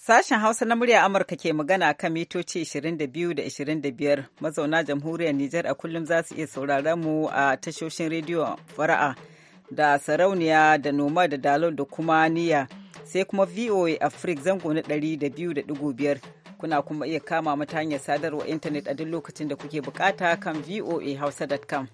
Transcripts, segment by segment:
Sashen Hausa na murya Amurka ke magana kan mitoci 22 da 25 mazauna jamhuriyar Nijar a kullum za su iya sauraron mu a tashoshin rediyo fara'a da sarauniya da noma da dalon da kuma niya sai kuma VOA Africa zango na 200.5 kuna kuma iya kama mata hanyar sadarwa intanet a duk lokacin da kuke bukata kan voahausa.com.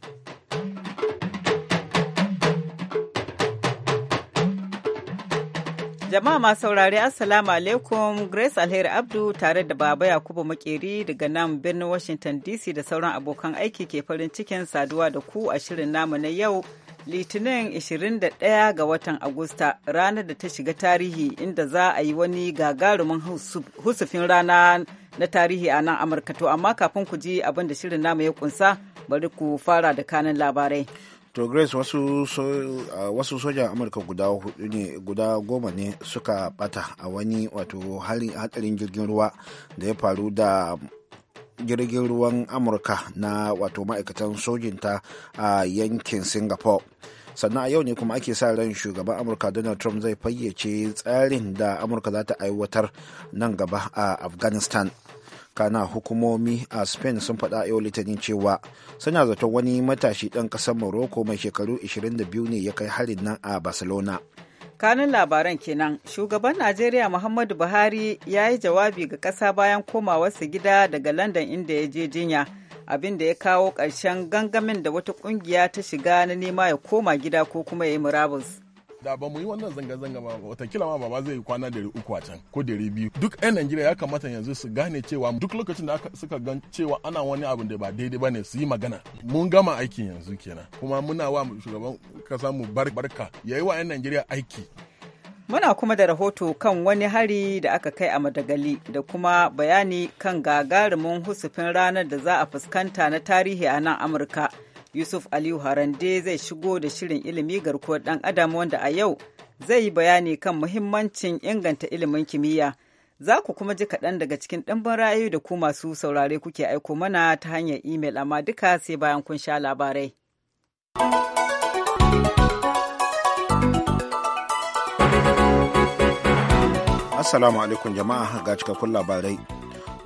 Jama'a masu saurari Assalamu alaikum Grace Alheri Abdu tare da Baba Yakubu Makeri daga nan birnin Washington DC da sauran abokan aiki ke farin cikin saduwa da ku a shirin namu na yau Litinin 21 ga watan Agusta ranar da ta shiga tarihi inda za a yi wani gagarumin husufin rana na tarihi a nan Amurka to amma kafin ku ji abin da shirin namu ya kunsa bari ku fara da kanin labarai. to grace wasu so, uh, wasu sojan amurka guda hudu ne guda goma ne suka bata a wani wato hatsarin jirgin ruwa da ya faru da jirgin ruwan amurka na wato ma'aikatan sojinta a uh, yankin singapore sannan a yau ne kuma ake sa ran shugaban amurka donald trump zai fayyace tsarin da amurka za ta aiwatar nan gaba a uh, afghanistan kana hukumomi a spain sun faɗa yau litinin cewa suna zaton wani matashi ɗan ƙasar morocco mai shekaru 22 ne ya kai harin nan a barcelona kanun labaran kenan shugaban najeriya muhammadu buhari ya yi jawabi ga ƙasa bayan komawarsa gida daga london inda ya je jinya abin da ya kawo ƙarshen gangamin da wata ƙungiya ta shiga na nema ya koma gida ko kuma ya yi murabus da ba mu yi wannan zanga-zanga ba watakila ma baba zai yi kwana dari uku a can ko dari biyu duk 'yan najeriya ya kamata yanzu su gane cewa duk lokacin da suka gan cewa ana wani abu da ba daidai ba ne su yi magana mun gama aikin yanzu kenan kuma muna wa shugaban kasa mu barka ya yi wa 'yan najeriya aiki Muna kuma da rahoto kan wani hari da aka kai a Madagali da kuma bayani kan gagarumin husufin ranar da za a fuskanta na tarihi a nan Amurka. Yusuf Aliyu Harande zai shigo da shirin ilimi garkuwar ɗan adam wanda a yau zai yi bayani kan muhimmancin inganta ilimin kimiyya. Za ku kuma ji kaɗan daga cikin ɗimbin ra'ayoyi da ku masu saurare kuke aiko mana ta hanyar imel amma duka sai bayan kun sha labarai. Assalamu alaikum jama'a ga cikakkun labarai.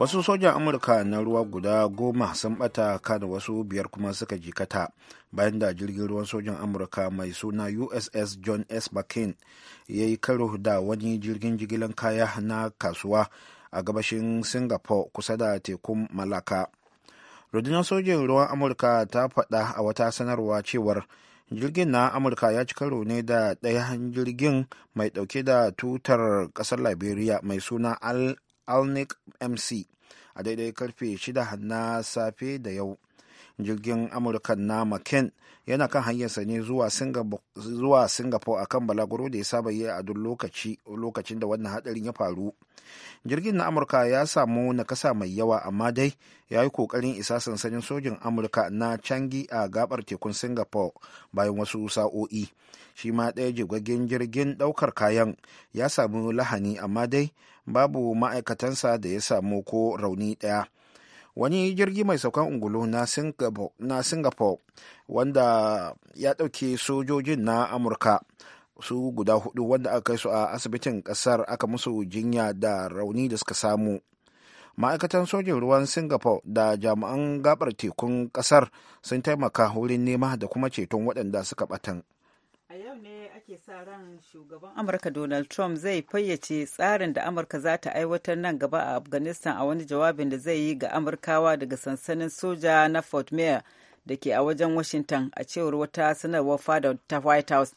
wasu sojan amurka na ruwa guda goma sun bata kan wasu biyar kuma suka jikata bayan da jirgin ruwan sojan amurka mai suna uss john s mccain ya yi karo da wani jirgin jigilan kaya na kasuwa a gabashin singapore kusa da tekun malaka rundunar sojin ruwan amurka ta faɗa a wata sanarwa cewar jirgin na amurka ya ci karo ne da ɗayan jirgin mai ɗauke da tutar ƙasar liberia mai suna al alnic mc a daidai karfe 6 na safe da yau jirgin amurka na mccain yana kan hanyarsa ne zuwa singapore a kan balaguro da ya saba yi a duk lokacin da wannan hadarin ya faru jirgin na amurka ya samu nakasa mai yawa amma dai ya yi kokarin isa sansanin sojin amurka na changi a gabar tekun singapore bayan wasu sa'o'i shi ma ɗaya jigaggen jirgin ɗaukar kayan ya samu lahani amma dai babu ma'aikatansa da ya samu ko rauni ɗaya wani jirgi mai saukan ungulu na singapore wanda ya ɗauke sojojin na amurka su guda hudu wanda aka kai su a asibitin kasar aka musu jinya da rauni da suka samu ma'aikatan sojin ruwan singapore da jami'an gabar tekun kasar sun taimaka wurin nema da kuma ceton waɗanda suka batan a yau ne ake sa ran shugaban amurka donald trump zai fayyace tsarin da amurka za ta aiwatar nan gaba a afghanistan a wani jawabin da zai yi ga amurkawa daga sansanin soja na fort mayor da ke a wajen washington a cewar wata sanarwar fada ta white house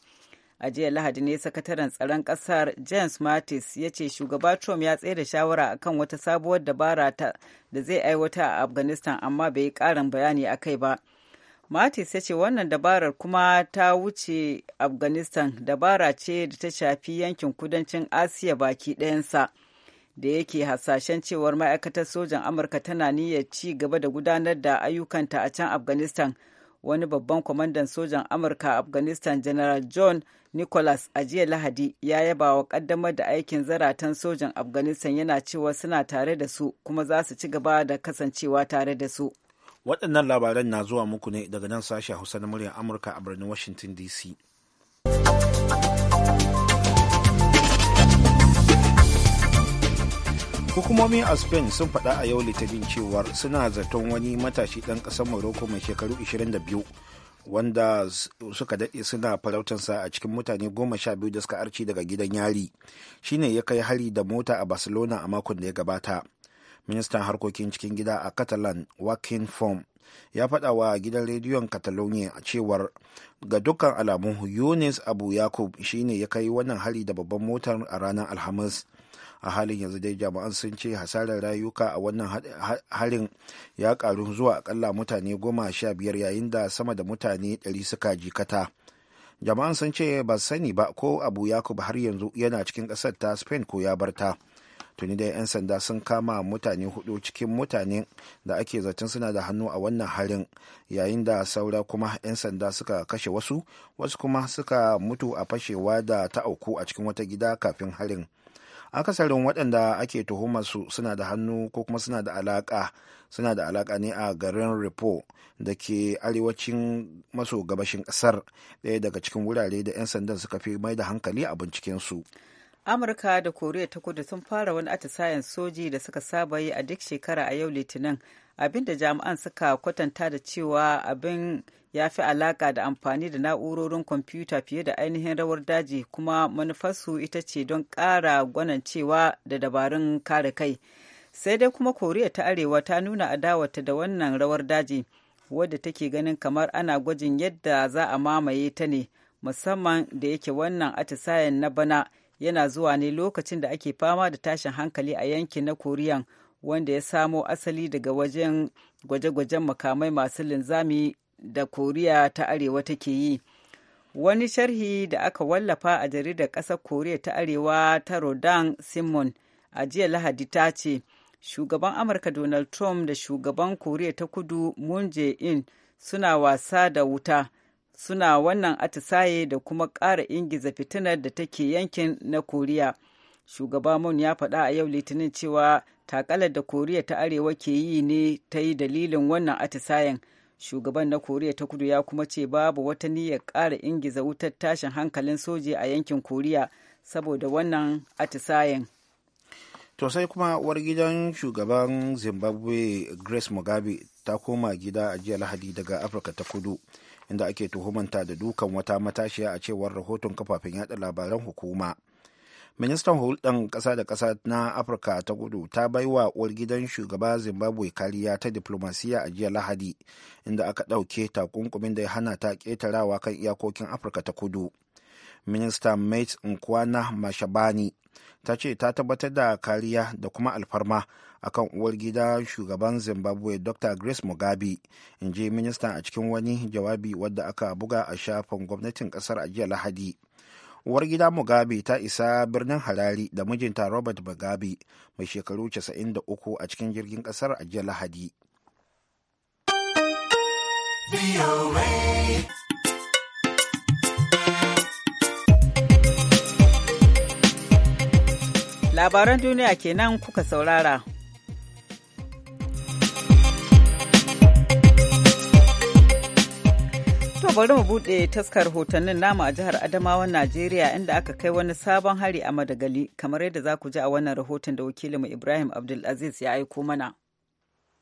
a jiya lahadi ne sakataren tsaron kasar james mattis ya ce shugaba trump ya tsaye da shawara kan wata sabuwar dabara da zai aiwata a afghanistan amma bai yi ƙarin bayani a kai ba matis ya ce wannan dabarar kuma ta wuce afghanistan dabara ce da ta shafi yankin kudancin asiya baki ɗayansa da yake hasashen cewar ma'aikatar sojan amurka tana niyyar ci gaba da gudanar da ayyukanta a can afghanistan wani babban kwamandan sojan amurka a afghanistan general john nicholas a jiya lahadi ya yaba wa kaddamar da aikin zaratan sojan afghanistan yana cewa suna tare da su kuma za su ci gaba da kasancewa tare da su waɗannan labaran na zuwa muku ne daga nan sashen hausa na muryar amurka a birnin washington dc hukumomi a spain sun faɗa a yau litinin cewar suna zaton wani matashi ɗan ƙasar morocco mai shekaru 22 wanda suka daɗe suna farautansa a cikin mutane goma sha biyu da suka arci daga gidan yari shine ya kai hari da mota a barcelona a makon da ya gabata ministan harkokin cikin gida a catalan wakin form ya faɗa wa gidan rediyon catalonia a cewar ga dukkan alamu yunis abu yakub shine ya kai wannan hari da babban motar a ranar alhamis a halin yanzu dai jama'an sun ce hasarar rayuka a wannan harin ya karu zuwa akalla mutane goma sha biyar yayin da sama da mutane ɗari suka jikata jama'an sun ce ba sani ba ko abu yakub har yanzu yana cikin ƙasar ta spain ko ya bar ta tuni dai 'yan sanda sun kama mutane hudu cikin mutane da ake zaton suna da hannu a wannan harin yayin da saura kuma 'yan sanda suka kashe wasu wasu kuma suka mutu a fashewa da ta auku a cikin wata gida kafin harin akasarin waɗanda ake su suna da hannu ko kuma suna da alaka suna da alaka ne a garin repo da ke arewacin maso gabashin ƙasar ɗaya daga cikin wurare da 'yan sandan suka fi mai da hankali a bincikensu. su amurka da koriya ta kudu sun fara wani atisayen soji da suka saba yi a duk shekara a yau litinin abinda jami'an suka kwatanta da cewa abin ya fi alaka da amfani da na'urorin kwamfuta fiye da ainihin rawar daji kuma manufarsu ita ce don ƙara gwanancewa da dabarun kare kai sai dai kuma koriya ta arewa ta nuna adawata da wannan rawar daji wadda take ganin kamar ana gwajin yadda za a mamaye ta ne musamman da yake wannan atisayen na bana yana zuwa ne lokacin da ake fama da tashin hankali a yankin na koriyan wanda ya samo asali daga wajen gwaje-gwajen makamai masu linzami da koriya ta arewa take yi wani sharhi da aka wallafa a jaridar ƙasar koriya ta arewa ta rodan simon a jiya lahadi ta ce shugaban amurka donald trump da shugaban koriya ta kudu moon in suna wasa da wuta suna wannan atisaye da kuma ƙara ingiza fitinar da take yankin na koriya shugaba mun ya faɗa a yau litinin cewa takalar da koriya ta arewa ke yi ne ta yi dalilin wannan atisayen shugaban na koriya ta kudu ya kuma ce babu wata niyyar ƙara ingiza wutar tashin hankalin soji a yankin koriya saboda wannan atisayen to sai kuma uwar gidan shugaban zimbabwe grace mugabe ta koma gida a jiya lahadi daga afirka ta kudu inda ake tuhumanta da dukan wata matashiya a cewar rahoton kafafen yada labaran hukuma ministan hulɗan ƙasa da ƙasa na afirka ta kudu ta bai wa uwar gidan shugaba zimbabwe kariya ta diplomasiya a jiya lahadi inda aka ɗauke takunkumin da ya hana ta ƙetarawa kan iyakokin afirka ta kudu minista mate nkwana mashabani ta ce ta tabbatar da kariya da kuma alfarma akan uwar gida shugaban zimbabwe dr grace mugabe in je minista a cikin wani jawabi wadda aka buga a shafin gwamnatin kasar a jiya lahadi uwar gida mugabe ta isa birnin harari da mijinta robert mugabe mai shekaru 93 a cikin jirgin kasar a jiya lahadi Labaran duniya kenan kuka saurara. To bari mu buɗe taskar hotonnin namu a jihar Adamawa Najeriya inda aka kai wani sabon hari a Madagali kamar yadda za ku ji a wannan rahoton da wakilinmu Ibrahim Abdulaziz ya aiko mana.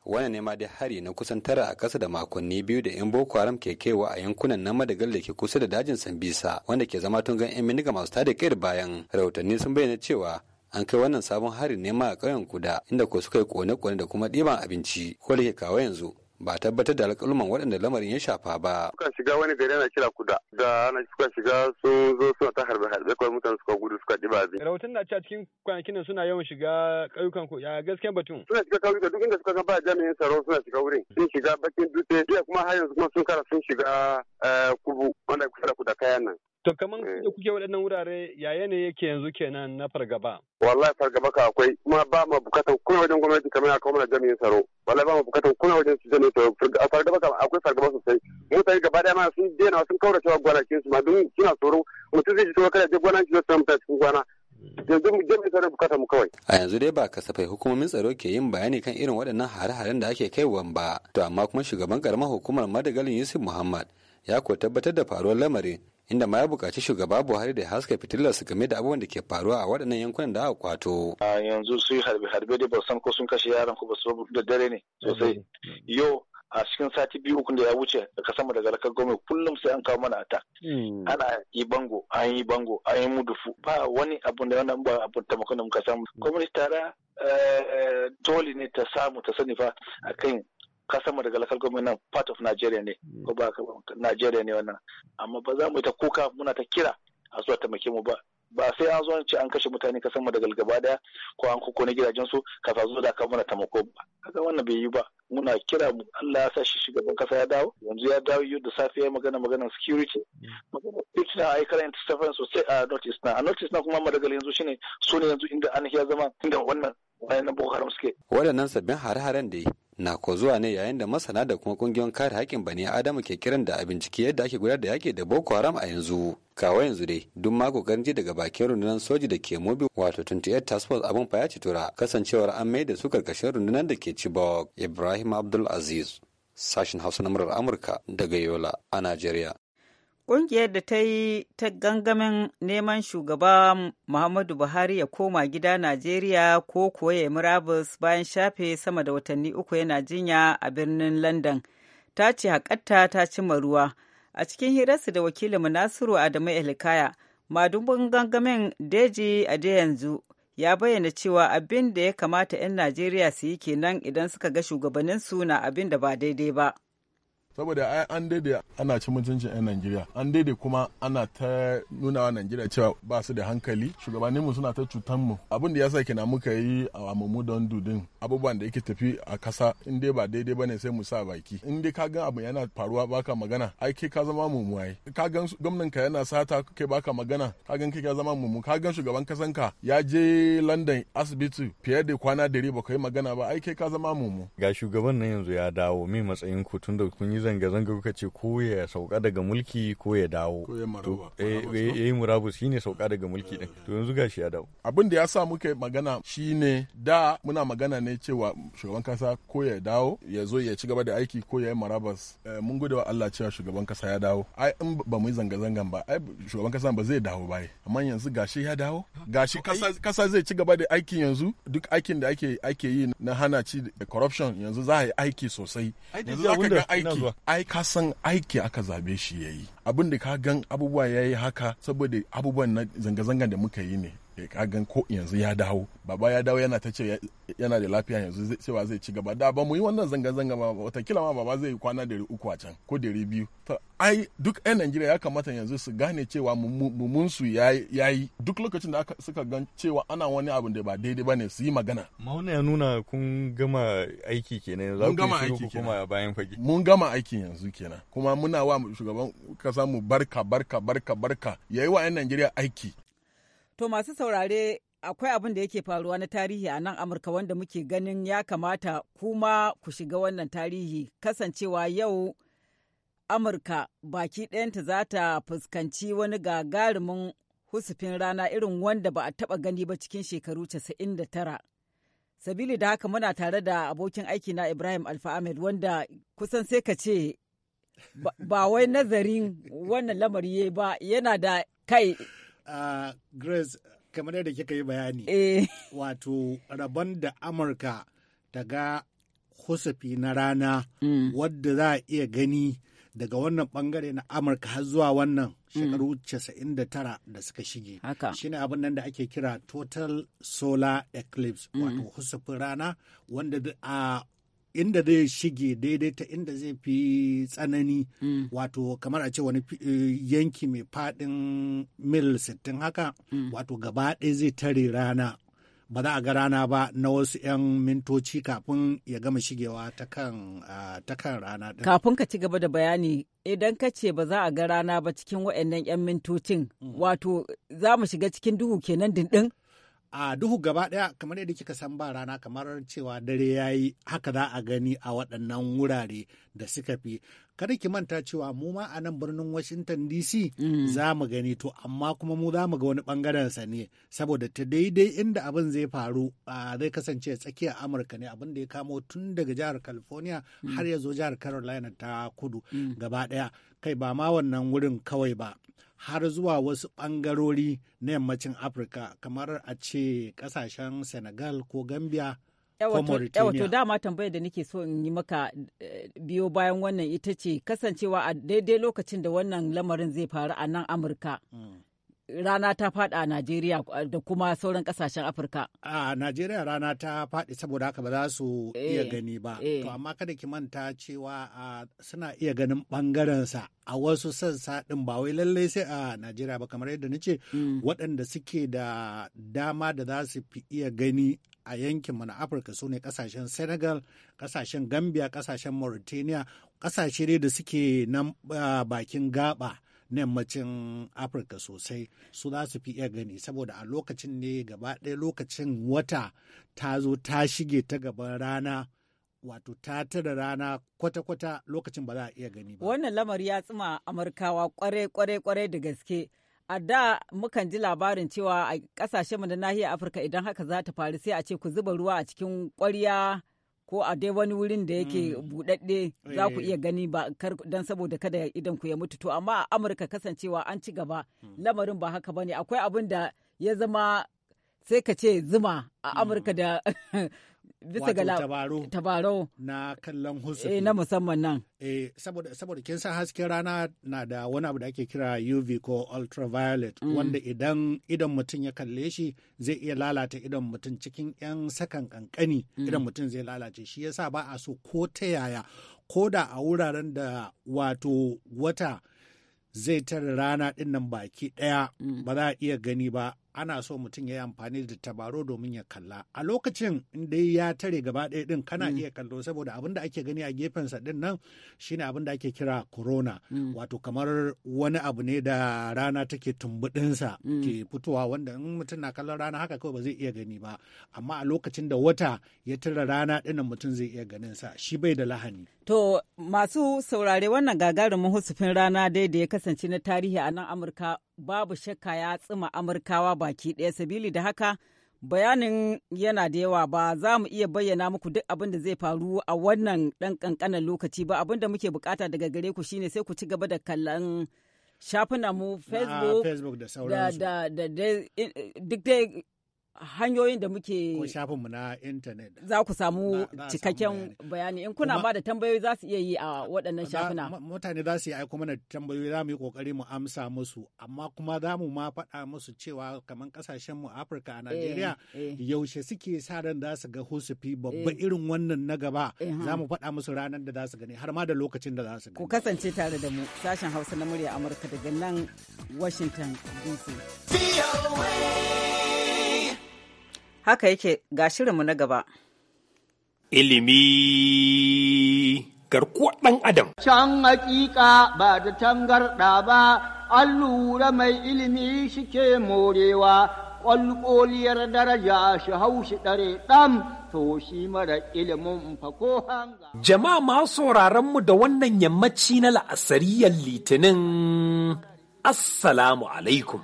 wannan ne ma dai hari na kusan tara a ƙasa da makonni biyu da 'yan boko haram ke kaiwa a yankunan na madagal da ke kusa da dajin sambisa wanda ke zama tun gan 'yan miniga masu tada bayan rahotanni sun bayyana cewa an kai wannan sabon harin nema a ƙauyen kuda inda ko suka yi kone-kone da kuma ɗiban abinci ko da kawo yanzu ba tabbatar da alƙaluman waɗanda lamarin ya shafa ba. Suka shiga wani gari ana kira kuda da ana suka shiga sun zo suna ta harbe harbe kawai mutane suka gudu suka ɗiba abin. Rahoton na cewa cikin kwanakin nan suna yawan shiga ƙauyukan ku ya gaskiyan batun. Suna shiga ƙauyuka duk inda suka san ba jami'in tsaro suna shiga wurin. Sun shiga bakin dutse jiya kuma har yanzu kuma sun kara sun shiga eh, kubu wanda kusa da kuda kayan nan. To kamar eh. da kuke waɗannan wurare ya ne yake yanzu kenan na fargaba? Wallahi fargaba ka akwai kuma ba mu bukatan kuna wajen gwamnati kamar ya kawo mana jami'in tsaro. Wallahi ba mu bukatan kuna wajen su jami'in tsaro. Fargaba ka akwai fargaba sosai. Mutane gaba daya ma sun daina sun kaura cewa gwanakin su ma don suna tsoro mutum zai ji tsoro kada je gwanakin su ta cikin gwana. Yanzu mu jami'in tsaro bukatar mu kawai. A yanzu dai ba kasafai hukumomin tsaro ke yin bayani kan irin waɗannan hare-haren da ake kaiwa ba. To amma kuma shugaban karamar hukumar Madagalin Yusuf Muhammad ya ko tabbatar da faruwar lamarin inda ma ya buƙaci shugaba buhari da haska su game da abubuwan da ke faruwa a waɗannan yankunan da aka kwato. a yanzu su yi harbe harbe da ba san ko sun kashe yaran ko ba su da dare ne sosai yau a cikin sati biyu uku da ya wuce daga sama daga lakar gome kullum sai an kawo mana ata hmm. ana yi bango an yi bango an yi mudufu ba wani abun da wannan ba abun taimakon da muka samu gwamnati tara dole eh, eh, ne ta samu ta sani fa akan ka sama daga local government part of Nigeria ne mm. ko ba Nigeria ne wannan amma ba za mu ta kuka muna ta kira a zuwa taimake mu ba ba sai an zo ce an kashe mutane ka sama daga gaba daya ko an kuko na gidajen su ka zo da ka muna taimako ba kaga wannan bai yi ba muna kira mu Allah ya sa shi shugaban kasa ya dawo yanzu ya dawo yau da safe ya magana magana security mm. magana security na ai karanta so sosai a notice na a notice na kuma madagal yanzu shine su ne yanzu inda an ya zama inda wannan wannan Boko Haram suke waɗannan sabbin hare-haren da na ko zuwa ne yayin da masana da kuma kungiyoyin kare haƙƙin bani adamu ke kiran da a bincike yadda ake gudanar da yaƙi da boko haram a yanzu kawo yanzu dai duk mako, kokarin daga bakin rundunar soji da ke mobi wato 28 task force abin fa ya ci tura kasancewar an mai da su karkashin rundunar da ke cibok ibrahim abdul aziz sashin hausa na murar amurka daga yola a najeriya Ƙungiyar da ta yi ta gangamin neman shugaba Muhammadu Buhari ya koma gida Najeriya ko kuwa ya murabus bayan shafe sama da watanni uku yana jinya a birnin London. Ta ce haƙatta ta cima ruwa. A cikin hirarsu da Wakilin Munasiru Adamu Elkaya, madubin gangamin Deji a da yanzu ya bayyana cewa abin da ya kamata 'yan Najeriya su yi kenan idan suka ga shugabanninsu na abin da ba daidai ba. saboda an daidai ana cin mutuncin 'yan najeriya an daidai kuma ana ta nuna wa najeriya cewa ba su da hankali shugabanninmu suna ta cutan mu abin da ya sa kenan muka yi a mamu don dudin abubuwan da yake tafi a kasa in dai ba daidai bane sai mu sa baki in dai ka gan abu yana faruwa baka magana ai ke ka zama mumuwaye ka gan gwamnan ka yana sata ke baka magana ka gan ke ka zama mumu ka gan shugaban kasan ka ya je london asibiti fiye da kwana dari ba kai magana ba ai ke ka zama mumu ga shugaban nan yanzu ya dawo min matsayin ku tun da kun yi zanga-zanga kuka ce ko ya sauka daga mulki ko ya dawo ya eh, eh, yi murabus shine sauka daga mulki din to yanzu gashi ya dawo abin da ya sa muke magana shine da muna magana ne cewa shugaban kasa ko ya dawo ya zo ya ci gaba da aiki ko ya yi murabus eh, mun gode wa Allah cewa shugaban kasa ya dawo ai in ba mu yi zanga-zangan ba ai shugaban kasa ba zai dawo ba amma yanzu gashi ya dawo gashi kasa zai ci gaba da aiki yanzu duk aikin da ake ake yi na hana ci corruption yanzu za a yi aiki sosai yanzu za ka ga aiki ai ka san aiki aka zabe shi ya yi. abin da ka gan abubuwa ya yi haka saboda abubuwan na zanga zanga da muka yi ne Eh, kagan ko yanzu ya dawo baba ya dawo yana ta ce yana da lafiya yanzu cewa zai ci gaba da ba mu yi wannan zanga-zanga ba. watakila ma baba zai yi kwana dari uku a can ko dari biyu to ai duk 'yan najeriya ya kamata yanzu su gane cewa mumunsu ya yi duk lokacin da suka gan cewa ana wani abu da ba daidai ba ne su yi magana mauna ya nuna kun gama aiki kenan yanzu kun aiki kuma bayan fage mun gama aiki yanzu kenan kuma muna wa shugaban kasa mu barka barka barka barka yayi wa 'yan najeriya aiki To masu saurare akwai abin da yake faruwa na tarihi a nan Amurka wanda muke ganin ya kamata kuma ku shiga wannan tarihi kasancewa yau Amurka baki ɗayanta za ta fuskanci wani gagarumin husufin rana irin wanda ba a taɓa gani ba cikin shekaru 99. Sabili da haka muna tare da abokin aiki na Ibrahim Alfa Ahmed wanda kusan sai ka ce ba wai nazarin wannan lamari ba yana da kai Uh, Grace kamar yadda kika yi bayani eh. wato rabon da Amurka ta ga husafi na rana mm. wadda za a iya gani daga wannan bangare na Amurka har zuwa wannan mm. shekaru 99 da suka shige. Shine abin nan da ake kira total solar eclipse mm. wato husafin rana wanda a inda zai shige daidai ta inda zai fi tsanani mm. wato kamar a ce wani eh, yanki mai faɗin mil 60 haka mm. wato gaba ɗaya zai tare rana ba za a ga rana ba na wasu 'yan mintoci kafin ya gama shigewa ta kan rana ɗin. Kafin ka ci gaba da bayani idan ka ce ba za a ga rana ba cikin waɗannan 'yan mintocin mm. wato za mu shiga cikin duhu kenan dindin? a duhu gaba ɗaya kamar yadda kika san ba rana kamar cewa dare yayi haka za a gani a waɗannan wurare da suka fi kada ki manta cewa mu ma a nan birnin Washington DC mm. za mu gani to amma kuma mu za mu ga wani bangaren sa ne saboda ta daidai inda abin zai faru zai kasance tsakiyar Amurka ne abin da ya kamo tun daga jihar California mm. har ya zo jihar Carolina ta kudu mm. gaba daya kai ba ma wannan wurin kawai ba har zuwa wasu bangarori na yammacin Afirka kamar a ce kasashen Senegal ko Gambia Yawato dama tambayar da nake so in yi maka eh, biyo bayan wannan ita ce kasancewa a daidai lokacin da wannan lamarin zai faru a nan Amurka. Hmm. Rana ta faɗa a Najeriya eh, da kuma sauran kasashen Afirka. A Najeriya rana ta faɗi saboda haka ba za su iya eh, gani ba. To amma kada ki manta cewa suna iya ganin ɓangarensa a wasu sassa ɗin ba wai lallai sai a Najeriya ba kamar yadda nace hmm. waɗanda suke da dama da za su fi iya gani a yankinmu na afirka su ne kasashen senegal kasashen gambia kasashen mauritania kasashe dai da suke nan ah, bakin gaba na yammacin afirka sosai su za su fi iya gani saboda a lokacin ne gaba ɗaya lokacin wata ta zo ta shige ta gaban rana wato ta tara rana kwata-kwata lokacin ba za a iya gani ba wannan lamari ya tsima amurkawa kware kwarai kwarai da gaske a da mukan ji labarin cewa a kasashe mu na nahiyar Afirka idan haka za ta faru sai a ce ku zuba ruwa a cikin ƙwarya ko a dai wani wurin da yake mm. buɗaɗɗe za ku eh. iya gani ba don saboda kada idan ku ya mutu to amma a Amurka kasancewa an ci gaba hmm. lamarin ba haka bane akwai abin da ya zama sai ka ce zuma a hmm. Amurka da bisa ga tabaro tabaro na kallon eh na musamman nan eh saboda saboda kin san hasken rana na da wani abu da ake kira UV ko ultraviolet mm. wanda idan idan mutum ya kalle shi zai iya lalata idan mutum cikin yan sakan kankani mm. idan mutum zai lalace shi yasa ba a so ko ta yaya ko da a wuraren da wato wata zai tara rana dinnan baki ɗaya mm. ba za a iya gani ba ana so mutum ya yi amfani da tabaro domin ya kalla a lokacin dai ya tare gaba ɗaya din kana mm. iya kallo saboda abin da ake gani a gefensa din nan shine abin da ake kira corona mm. wato kamar wani abu ne da rana take tumbudinsa mm. ke fitowa wanda in mutum na kallon rana haka kawai ba zai iya gani ba amma a lokacin da wata ya tare rana dinnan mutum zai iya ganin sa shi bai da lahani To masu saurare wannan gagarumin husufin rana dai da ya kasance na tarihi a nan Amurka babu shakka ya tsima Amurkawa baki ɗaya sabili da haka bayanin yana da yawa ba za mu iya bayyana muku duk abin da zai faru a wannan ɗan ƙanƙanan lokaci ba abin da muke bukata daga gare ku shine sai ku ci gaba da kallon shafinanmu Facebook da duk dai hanyoyin da muke ko shafinmu na intanet za ku samu cikakken bayani in kuna ba da tambayoyi za su iya yi a waɗannan shafina mutane za su yi aiko mana tambayoyi za mu yi kokari mu amsa musu amma kuma za mu ma faɗa musu cewa kamar kasashen mu Afirka a Najeriya eh, eh. yaushe suke sa ran za su ga husufi babba eh. irin wannan na gaba za mu faɗa musu ranar da za su gani har ma da lokacin da za su gani ku kasance tare da mu sashen Hausa na murya Amurka daga nan Washington DC. Haka yake ga shirinmu na gaba. Ilimi garkuwa ɗan Adam. Can hakika ba da tangarɗa ba, an lura mai ilimi shike morewa. ƙwalƙoliyar daraja shi haushi ɗare ɗan to shi mara ilimin fako hanga. Jama'a ma sauraron mu da wannan yammaci na la'asariyar litinin Assalamu alaikum.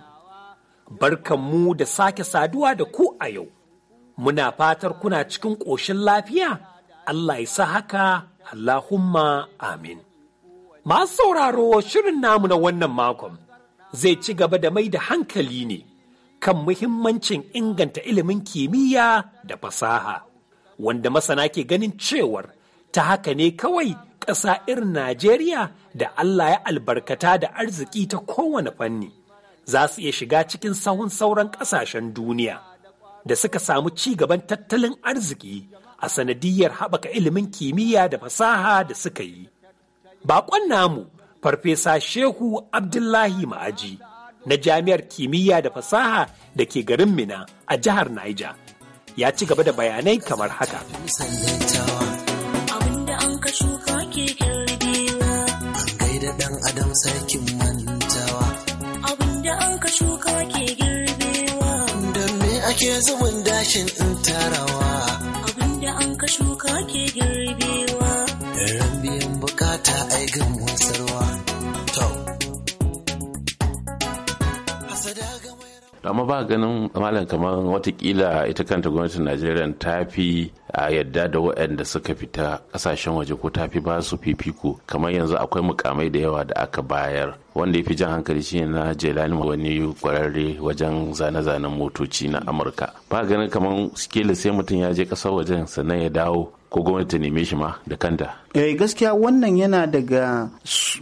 barkanmu da sake saduwa da ku a yau. muna fatar kuna cikin ƙoshin lafiya Allah isa haka Allahumma amin. Masu sauraro shirin namu na wannan makon zai ci gaba da mai da hankali ne kan muhimmancin inganta ilimin kimiyya da fasaha, wanda masana ke ganin cewar ta haka ne kawai ƙasa irin Najeriya da Allah ya albarkata da arziki ta kowane fanni za su iya shiga cikin sahun sauran ƙasashen duniya da suka samu ci gaban tattalin arziki a sanadiyar haɓaka ilimin kimiyya da fasaha da suka yi. Baƙon namu, Farfesa Shehu Abdullahi Ma'aji na Jami'ar Kimiyya da Fasaha da ke garin Mina a jihar Niger ya ci gaba da bayanai kamar haka. Abinda an ka shuka ke an da ɗan adam sarkin zubin dashin in tarawa abinda an ka shuka ke girbewa ran biyan bukata ai gamu amma ba ganin malam kamar watakila ita kanta gwamnatin najeriya ta fi a yadda da waɗanda suka fita ƙasashen waje ko ta fi ba su fifiko kamar yanzu akwai mukamai da yawa da aka bayar wanda ya fi jan hankali shine na jelani wani kwararre wajen zane-zanen motoci na amurka ba ganin kamar sikila sai mutum ya je ƙasar wajen sannan ya dawo ko gwamnati ta neme shi ma da kanta. Eh gaskiya wannan yana daga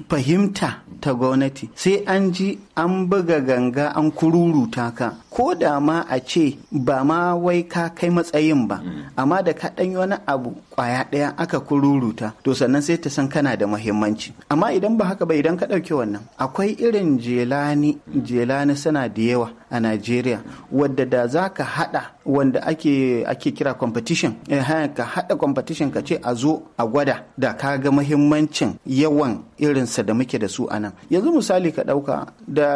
fahimta ta gwamnati sai an ji an buga ganga an kururuta ka ko da ma a ce ba ma wai ka kai matsayin ba mm. amma da ka ɗanyi wani abu kwaya ɗaya aka kururuta to sannan sai ta san kana da muhimmanci amma idan ba haka ba idan ka ɗauki wannan akwai irin jelani jelani suna da yawa a Najeriya wadda da za ka haɗa wanda ake ake kira competition eh, ka haɗa competition ka ce a zo a gwada da ka ga muhimmancin yawan irinsa da muke da su anan yanzu misali ka ɗauka da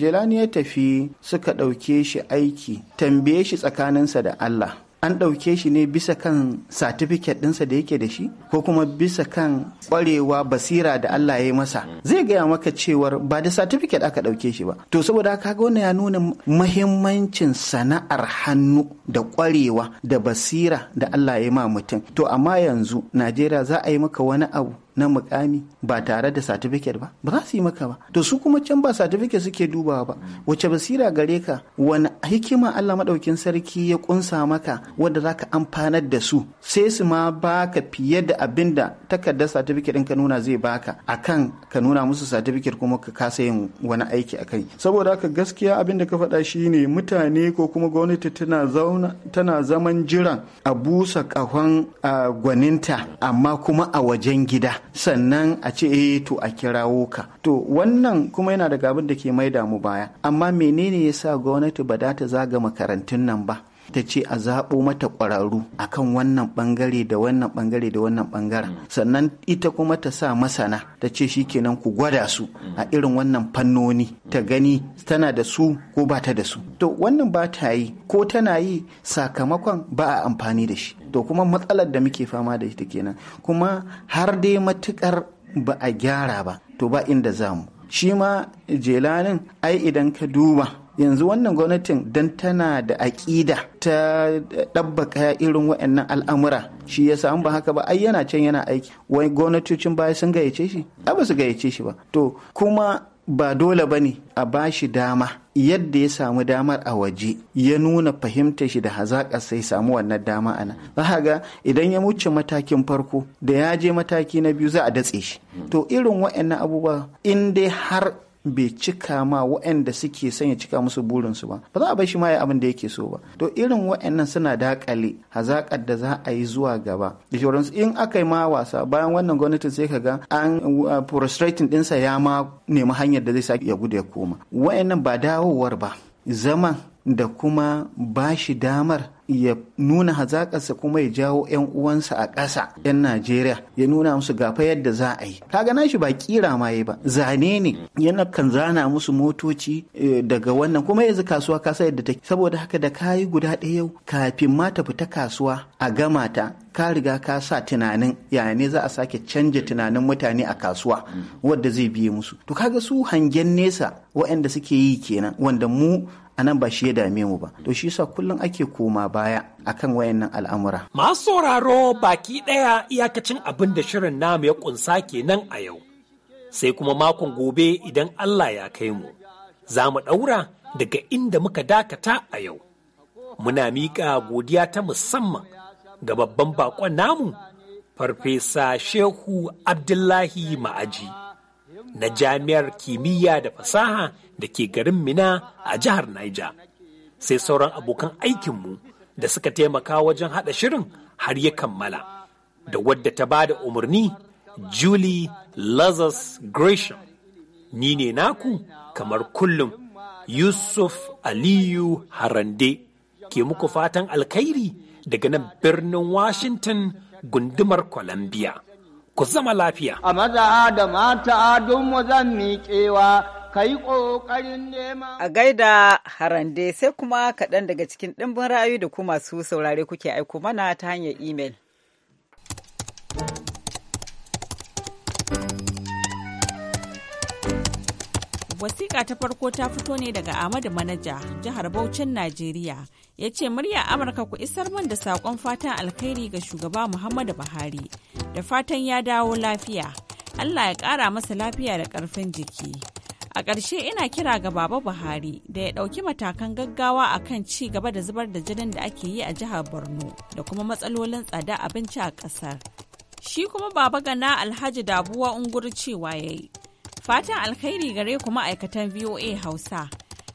jelani ya tafi suka ɗauke shi aiki tambaye shi tsakaninsa da Allah an ɗauke shi ne bisa kan satifiket ɗinsa da yake da shi ko kuma bisa kan ƙwarewa basira da Allah ya yi masa zai gaya maka cewar ba da satifiket aka ɗauke shi ba to saboda haka wannan ya nuna mahimmancin sana'ar hannu da ƙwarewa da basira da Allah ya yi ma mutum to amma yanzu Najeriya za a yi maka wani abu na mukami ba tare da certificate ba ba za su yi maka ba to su kuma can ba certificate suke dubawa ba wace basira gare ka wani hikima Allah madaukin sarki ya kunsa maka wanda zaka amfanar da su sai su ma baka fiye da abin da takardar certificate din ka nuna zai baka akan ka nuna musu certificate kuma ka kasa yin wani aiki akai saboda haka gaskiya abin da ka faɗa shine mutane ko kuma gwamnati tana tana zaman jiran a busa kahon gwaninta amma kuma a wajen gida sannan a ce eh to a kirawo ka to wannan kuma yana daga abin da ke maida mu baya amma menene yasa gwamnati ba za ta zaga makarantun nan ba ta ce a zaɓo mata ƙwararru akan wannan ɓangare da wannan ɓangare da wannan ɓangaren mm. sannan ita kuma ta sa masana ta ce shi kenan ku gwada su a mm. irin wannan fannoni mm. ta gani tana da su ko ba ta da su to wannan ba ta yi ko tana yi sakamakon ba a amfani da shi to kuma matsalar da muke fama da ita kenan kuma har dai matukar ba a gyara ba to ba inda zamu shi ma jelanin ai idan ka duba yanzu wannan gwamnatin don tana da aƙida ta ɗabbaka irin wa'annan al'amura shi ya samu ba haka ba ai yana can yana aiki wai gwamnatocin baya sun gayyace shi Ai ba su gayyace shi ba to kuma ba dole ba ne a ba shi dama yadda ya samu damar a waje ya nuna fahimta shi da hazaƙa sai samu wannan dama ana za ga idan ya wuce matakin farko da ya je mataki na biyu za a datse shi to irin waɗannan abubuwa in dai har bai cika ma waɗanda suke sanya cika musu burinsu ba ba za a bar shi ma ya abin da yake so ba to irin waɗannan suna dakale hazakar da za a yi zuwa gaba da in aka yi ma wasa bayan wannan gwamnatin sai kaga an uh, frustrating ɗinsa ya ma nemi hanyar da zai sake ya gudu ya koma waɗannan ba dawowar ba zaman da kuma ba shi damar ya nuna hazaƙarsa kuma ya jawo 'yan uwansa a ƙasa 'yan Najeriya ya nuna musu gafa yadda za a yi. Kaga na shi ba kira ma ba zane ne yana kan zana musu motoci eh, daga wannan kuma yanzu kasuwa kasa yadda take saboda haka da kayi guda ɗaya yau kafin ma ta fita kasuwa a gama ta ka riga ka sa tunanin yaya ne za a sake canja tunanin mutane a kasuwa mm. wadda zai biye musu to kaga su hangen nesa waɗanda suke yi kenan wanda mu nan ba shi ya dame mu ba to shi yasa kullum ake koma baya akan wayannan al'amura masu sauraro baki daya iyakacin abin da shirin namu ya kunsa kenan a yau sai kuma makon gobe idan Allah ya kai mu za mu daura daga inda muka dakata a yau muna miƙa godiya ta musamman ga babban bakon namu farfesa shehu abdullahi ma'aji na jami'ar kimiyya da fasaha da ke garin Mina a jihar Niger. Sai sauran abokan aikinmu da suka taimaka wajen haɗa shirin har ya kammala. Da wadda ta ba da umarni Julie Lazarus Gresham. Ni ne naku kamar kullum Yusuf Aliyu Harande ke muku fatan alkhairi daga nan birnin Washington gundumar Columbia. ku zama lafiya. A maza da mata don mu zan miƙewa ka yi ƙoƙarin nema. A gaida harande sai kuma kaɗan daga cikin ɗimbin ra'ayi da ku masu saurare kuke aiko mana ta hanyar imel. Wasiƙa ta farko ta fito ne daga Ahmadu Manaja, jihar Bauchin, Najeriya. Ya ce murya Amurka ku isar man da saƙon fatan alkhairi ga shugaba Muhammadu Buhari. Da fatan ya dawo lafiya. Allah ya ƙara masa lafiya da ƙarfin jiki. A ƙarshe ina kira ga Baba Buhari da ya ɗauki matakan gaggawa a kan ci gaba da zubar da jinin da ake yi a jihar Borno da kuma matsalolin tsada abinci a ƙasar. Shi kuma Baba Gana Alhaji Dabuwa Unguru cewa ya yi. Fatan alkhairi gare ku ma'aikatan VOA Hausa.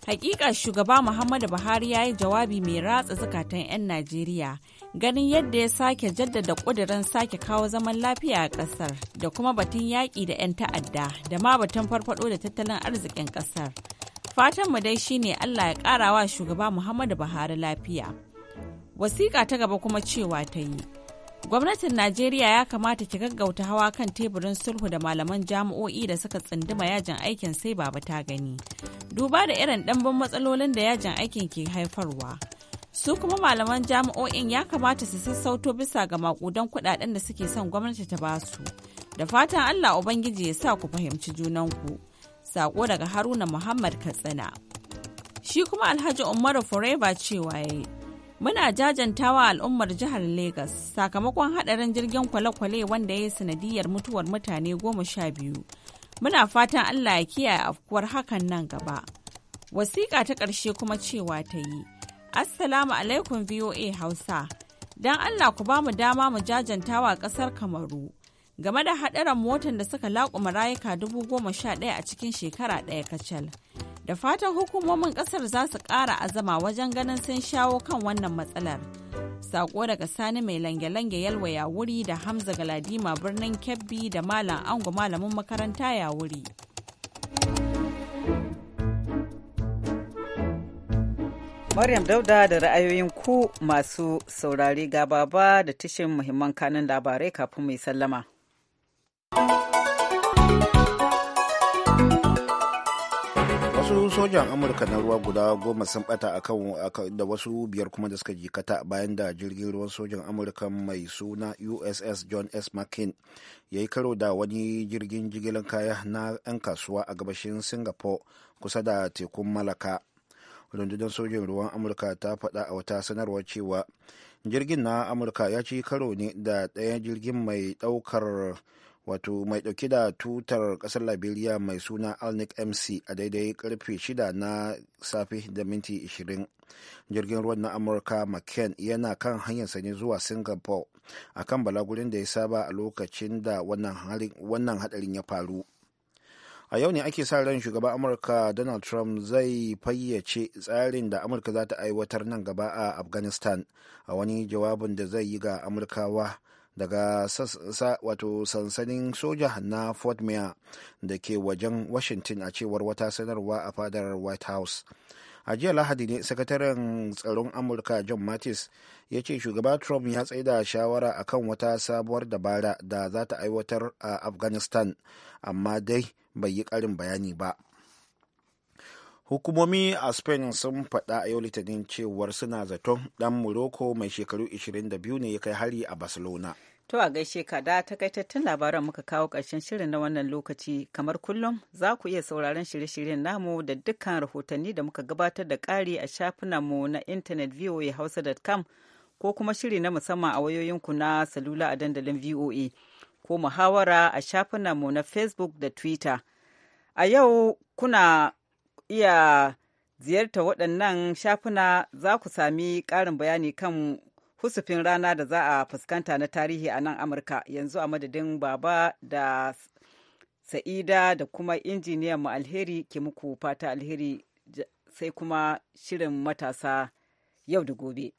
Hakika shugaba Muhammadu Buhari ya yi jawabi mai ratsa zukatan 'yan Najeriya ganin yadda ya sake jaddada kudirin sake kawo zaman lafiya a ƙasar da kuma batun yaƙi da 'yan ta'adda da ma batun farfado da tattalin arzikin ƙasar. Fatanmu dai shine Allah ya ƙara wa shugaba Muhammadu Buhari lafiya. Wasiƙa ta gaba kuma cewa ta yi. Gwamnatin Najeriya ya kamata ki gaggauta hawa kan teburin sulhu da malaman jami'o'i da suka tsinduma yajin aikin sai baba ta gani. Duba da irin ɗanbin matsalolin da yajin aikin ke haifarwa. Su kuma malaman jami'o'in ya kamata su sassauto bisa ga maƙudan kuɗaɗen da suke son gwamnati ta basu. Da fatan Allah Ubangiji ya sa ku fahimci junanku. Sako daga Haruna Muhammad Katsina. Shi kuma Alhaji Umaru Forever cewa ya yi. Muna jajantawa al'ummar jihar Legas sakamakon haɗarin jirgin kwale-kwale wanda ya yi sanadiyar mutuwar mutane goma sha biyu. Muna fatan Allah ya kiyaye afkuwar hakan nan gaba. Wasiƙa ta ƙarshe kuma cewa ta yi. Assalamu alaikum VOA Hausa. Don Allah ku ba mu dama mu jajantawa ƙasar Kamaru. game da haɗarin motar da suka laƙuma rayuka dubu goma sha ɗaya a cikin shekara ɗaya kacal da fatan hukumomin kasar za su kara azama wajen ganin sun shawo kan wannan matsalar. Sako daga Sani mai lange-lange yalwa ya wuri da Hamza Galadima birnin Kebbi da Malam Ango malamin makaranta ya wuri. Maryam Dauda da ra'ayoyin ku masu saurari gababa da tishin muhimman kanin labarai kafin mai sallama. sojan amurka na ruwa guda goma sun bata kan da wasu biyar kuma da suka jikata bayan da jirgin ruwan sojan amurka mai suna uss john s mckin ya yi karo da wani jirgin jigilar kaya na 'yan kasuwa a gabashin singapore kusa da tekun malaka rundunar sojan ruwan amurka ta faɗa a wata sanarwar cewa jirgin na amurka ya ci karo ne da ɗaya jirgin mai ɗaukar wato mai ɗauki da tutar ƙasar liberia mai suna Alnick mc a daidai karfe 6 na safe da minti 20 jirgin ruwan na amurka mccain yana kan hanyar ne zuwa singapore a kan balagurin da ya saba a lokacin da wannan hadarin ya faru a yau ne ake sa ran shugaban amurka donald trump zai fayyace tsarin da amurka za ta aiwatar nan gaba a afghanistan a wani jawabin da zai yi ga amurkawa daga wato sansanin soja na fort mayor da ke wajen washington a cewar wata sanarwa a fadar white house a jiya lahadi ne sakataren tsaron amurka john mattis ya ce shugaba trump ya da shawara a kan wata sabuwar dabara da za ta aiwatar a afghanistan amma dai bai yi karin bayani ba hukumomi a spain sun faɗa a yau litinin cewar suna zaton ɗan morocco mai shekaru 22 ne ya kai hari a barcelona To a gaishe ka da takaitattun labaran muka kawo ƙarshen shirin na wannan lokaci kamar kullum za ku iya sauraron shirye-shiryen namu da dukkan rahotanni da muka gabatar da ƙari a shafinan mu na intanet voahausa.com ko kuma shiri na musamman a wayoyinku na salula a dandalin voa ko muhawara a shafinan mu na facebook da twitter. A yau kuna iya ziyarta waɗannan shafuna za ku sami ƙarin bayani kan husufin rana da za a fuskanta na tarihi a nan amurka yanzu a madadin baba da sa'ida da kuma injiniyan mu alheri ke muku fata alheri sai kuma shirin matasa yau da gobe.